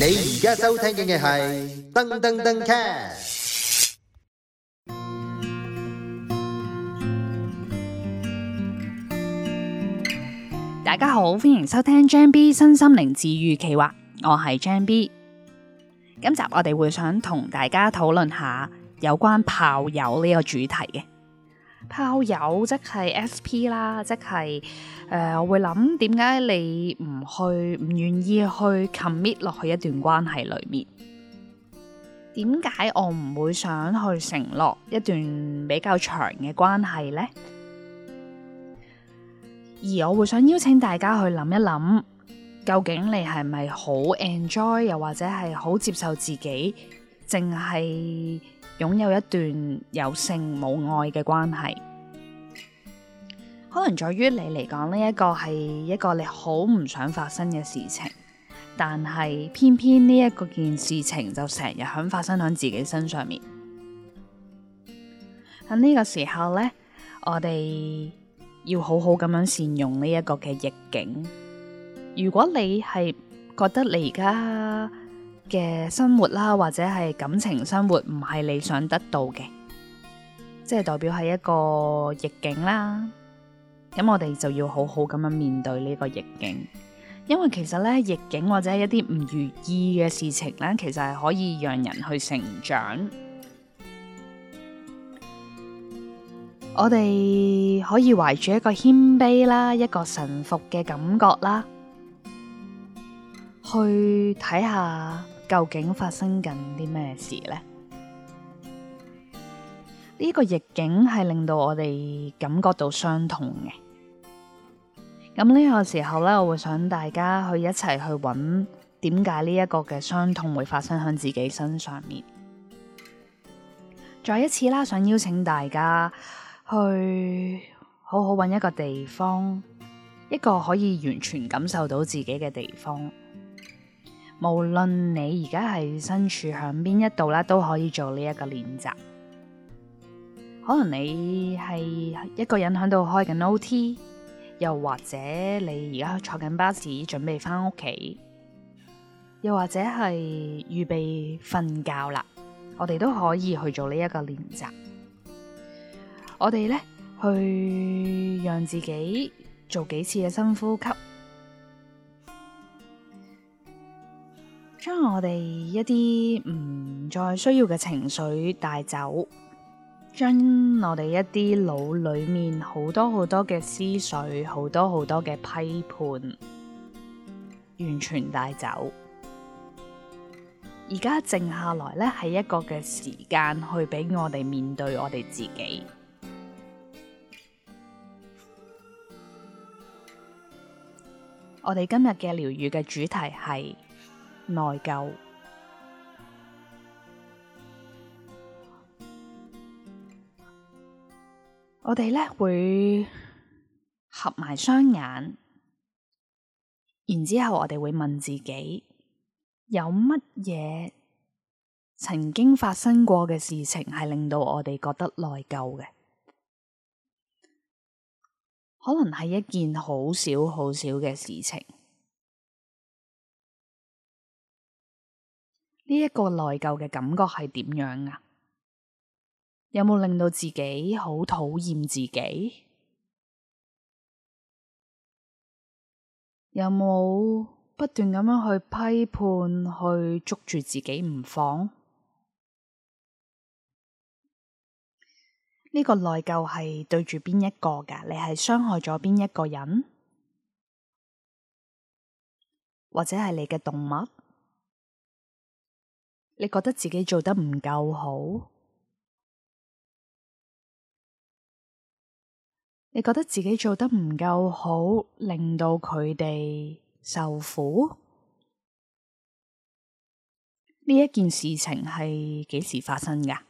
你而家收聽嘅係噔噔噔 cast。大家好，歡迎收聽張 B 身心靈治癒企劃，我係張 B。今集我哋會想同大家討論下有關炮友呢個主題嘅。炮友即係 SP 啦，即係誒，我會諗，點解你唔去唔願意去 commit 落去一段關係裏面？點解我唔會想去承諾一段比較長嘅關係呢？而我會想邀請大家去諗一諗，究竟你係咪好 enjoy，又或者係好接受自己，淨係？擁有一段有性冇愛嘅關係，可能在於你嚟講呢一個係一個你好唔想發生嘅事情，但係偏偏呢一個件事情就成日響發生響自己身上面。喺呢個時候呢，我哋要好好咁樣善用呢一個嘅逆境。如果你係覺得你而家，嘅生活啦，或者係感情生活唔係你想得到嘅，即係代表係一個逆境啦。咁我哋就要好好咁樣面對呢個逆境，因為其實呢，逆境或者一啲唔如意嘅事情呢，其實係可以讓人去成長。我哋可以懷住一個謙卑啦，一個臣服嘅感覺啦，去睇下。究竟發生緊啲咩事呢？呢個逆境係令到我哋感覺到傷痛嘅。咁呢個時候咧，我會想大家去一齊去揾點解呢一個嘅傷痛會發生喺自己身上面。再一次啦，想邀請大家去好好揾一個地方，一個可以完全感受到自己嘅地方。無論你而家係身處響邊一度啦，都可以做呢一個練習。可能你係一個人喺度開緊 OT，又或者你而家坐緊巴士準備翻屋企，又或者係預備瞓覺啦，我哋都可以去做呢一個練習。我哋咧去讓自己做幾次嘅深呼吸。我哋一啲唔再需要嘅情緒帶走，將我哋一啲腦裏面好多好多嘅思緒，好多好多嘅批判，完全帶走。而家靜下來呢，係一個嘅時間去俾我哋面對我哋自己。我哋今日嘅療癒嘅主題係。內疚，我哋咧會合埋雙眼，然之後我哋會問自己，有乜嘢曾經發生過嘅事情係令到我哋覺得內疚嘅？可能係一件好小好小嘅事情。呢一個內疚嘅感覺係點樣啊？有冇令到自己好討厭自己？有冇不斷咁樣去批判、去捉住自己唔放？呢個內疚係對住邊一個㗎？你係傷害咗邊一個人，或者係你嘅動物？你覺得自己做得唔夠好？你覺得自己做得唔夠好，令到佢哋受苦？呢件事情係幾時發生噶？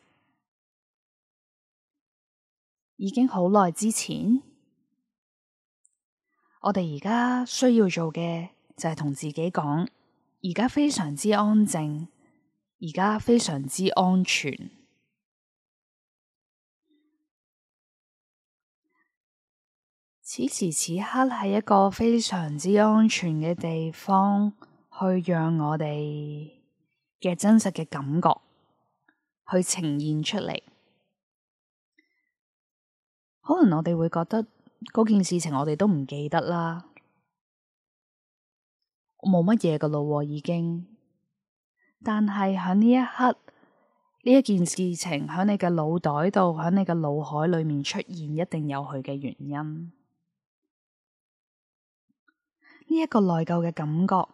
已經好耐之前。我哋而家需要做嘅就係同自己講，而家非常之安靜。而家非常之安全，此時此刻係一個非常之安全嘅地方，去讓我哋嘅真實嘅感覺去呈現出嚟。可能我哋會覺得嗰件事情我哋都唔記得啦，冇乜嘢噶啦，已經。但係喺呢一刻，呢一件事情喺你嘅腦袋度，喺你嘅腦海裏面出現，一定有佢嘅原因。呢一個內疚嘅感覺，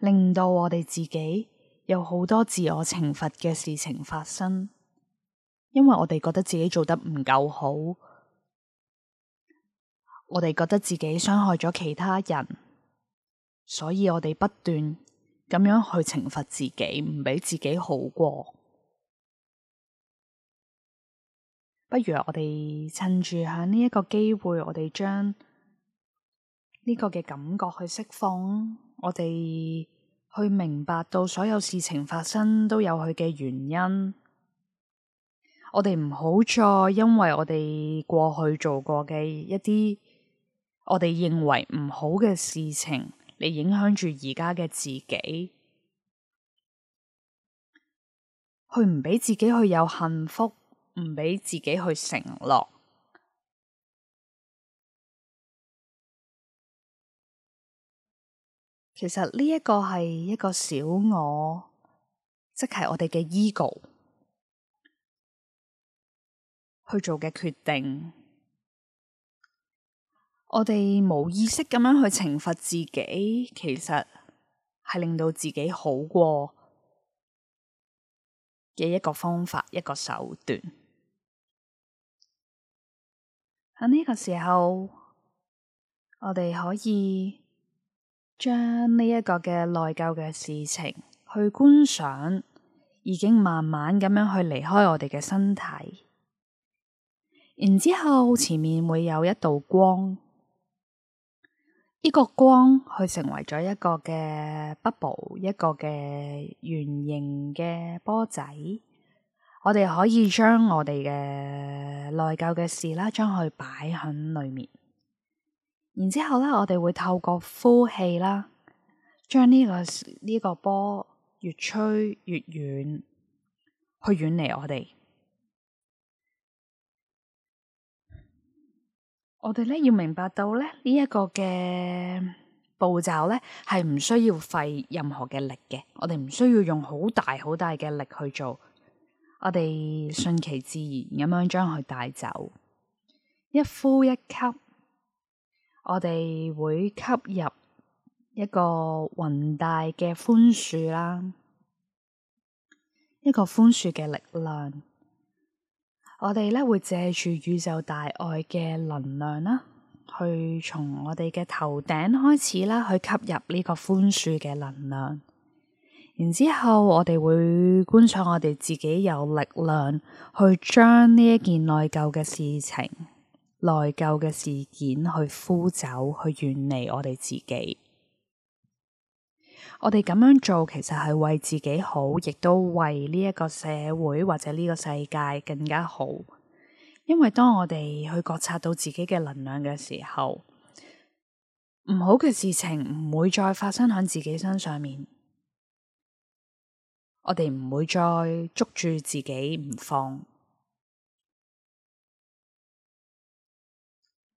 令到我哋自己有好多自我懲罰嘅事情發生，因為我哋覺得自己做得唔夠好，我哋覺得自己傷害咗其他人，所以我哋不斷。咁樣去懲罰自己，唔俾自己好過，不如我哋趁住喺呢一個機會，我哋將呢個嘅感覺去釋放，我哋去明白到所有事情發生都有佢嘅原因，我哋唔好再因為我哋過去做過嘅一啲我哋認為唔好嘅事情。你影響住而家嘅自己，去唔畀自己去有幸福，唔畀自己去承諾。其實呢一個係一個小我，即係我哋嘅 ego 去做嘅決定。我哋冇意識咁樣去懲罰自己，其實係令到自己好過嘅一個方法，一個手段。喺呢個時候，我哋可以將呢一個嘅內疚嘅事情去觀想，已經慢慢咁樣去離開我哋嘅身體。然之後前面會有一道光。呢個光佢成為咗一個嘅 bubble，一個嘅圓形嘅波仔。我哋可以將我哋嘅內疚嘅事啦，將佢擺喺裡面。然之後咧，我哋會透過呼氣啦，將呢個呢個波越吹越遠，去遠離我哋。我哋咧要明白到咧呢一個嘅步驟咧係唔需要費任何嘅力嘅，我哋唔需要用好大好大嘅力去做，我哋順其自然咁樣將佢帶走，一呼一吸，我哋會吸入一個宏大嘅寬恕啦，一個寬恕嘅力量。我哋咧會借助宇宙大愛嘅能量啦，去從我哋嘅頭頂開始啦，去吸入呢個寬恕嘅能量。然之後我哋會觀察我哋自己有力量去將呢一件內疚嘅事情、內疚嘅事件去呼走，去遠離我哋自己。我哋咁樣做，其實係為自己好，亦都為呢一個社會或者呢個世界更加好。因為當我哋去覺察到自己嘅能量嘅時候，唔好嘅事情唔會再發生喺自己身上面。我哋唔會再捉住自己唔放，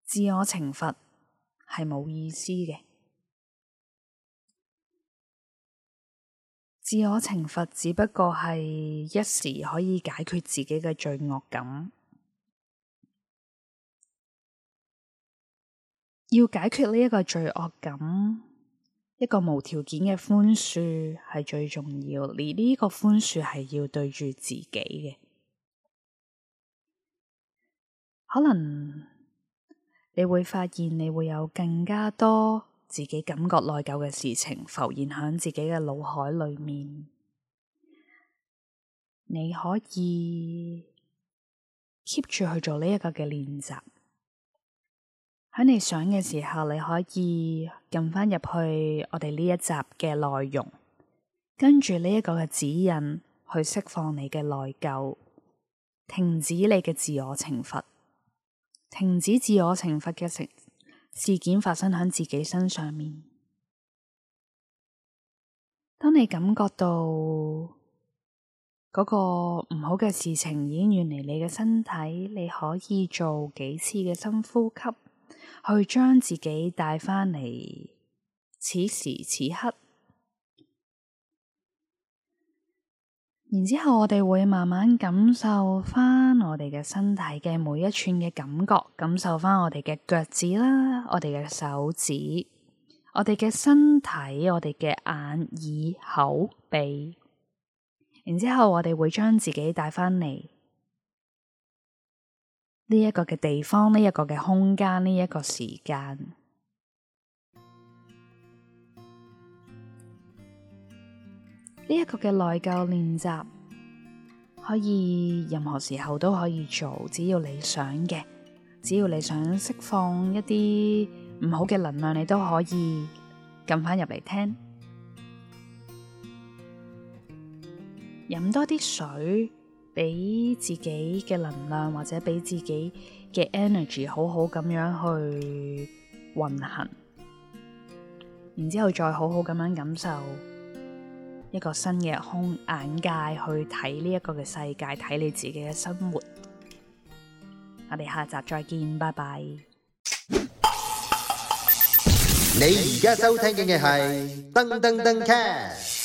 自我懲罰係冇意思嘅。自我懲罰只不過係一時可以解決自己嘅罪惡感。要解決呢一個罪惡感，一個無條件嘅寬恕係最重要。而、這、呢個寬恕係要對住自己嘅，可能你會發現你會有更加多。自己感覺內疚嘅事情浮現喺自己嘅腦海裏面，你可以 keep 住去做呢一個嘅練習。喺你想嘅時候，你可以撳入翻入去我哋呢一集嘅內容，跟住呢一個嘅指引去釋放你嘅內疚，停止你嘅自我懲罰，停止自我懲罰嘅情。事件發生喺自己身上面。當你感覺到嗰個唔好嘅事情已經遠離你嘅身體，你可以做幾次嘅深呼吸，去將自己帶返嚟此時此刻。然之後我哋會慢慢感受翻我哋嘅身體嘅每一寸嘅感覺，感受翻我哋嘅腳趾啦，我哋嘅手指，我哋嘅身體，我哋嘅眼、耳、口、鼻。然之後我哋會將自己帶翻嚟呢一個嘅地方，呢一個嘅空間，呢一個時間。呢一個嘅內疚練習，可以任何時候都可以做，只要你想嘅，只要你想釋放一啲唔好嘅能量，你都可以撳翻入嚟聽。飲多啲水，俾自己嘅能量或者俾自己嘅 energy 好好咁樣去運行，然之後再好好咁樣感受。一個新嘅空眼界去睇呢一個嘅世界，睇你自己嘅生活。我哋下集再見，拜拜。你而家收聽嘅係噔噔噔 c